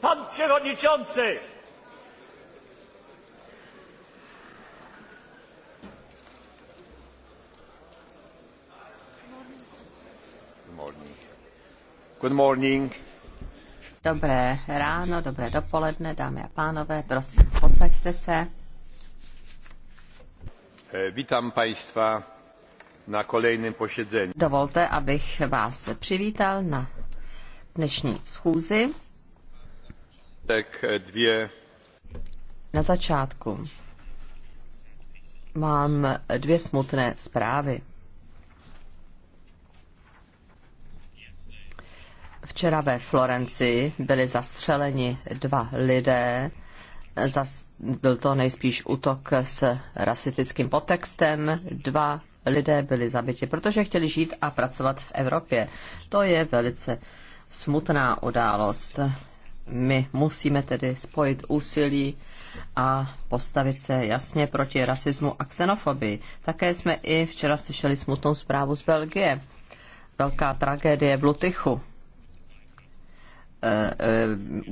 Pan przewodniczący! Good morning. Dobré ráno, dobré dopoledne, dámy a pánové, prosím, posaďte se. E, Vítám Państwa na kolejném posiedzení. Dovolte, abych vás přivítal na dnešní schůzi. Na začátku mám dvě smutné zprávy. Včera ve Florenci byli zastřeleni dva lidé. Zas, byl to nejspíš útok s rasistickým potextem. Dva lidé byli zabiti, protože chtěli žít a pracovat v Evropě. To je velice smutná událost my musíme tedy spojit úsilí a postavit se jasně proti rasismu a xenofobii. Také jsme i včera slyšeli smutnou zprávu z Belgie. Velká tragédie v Lutychu e, e,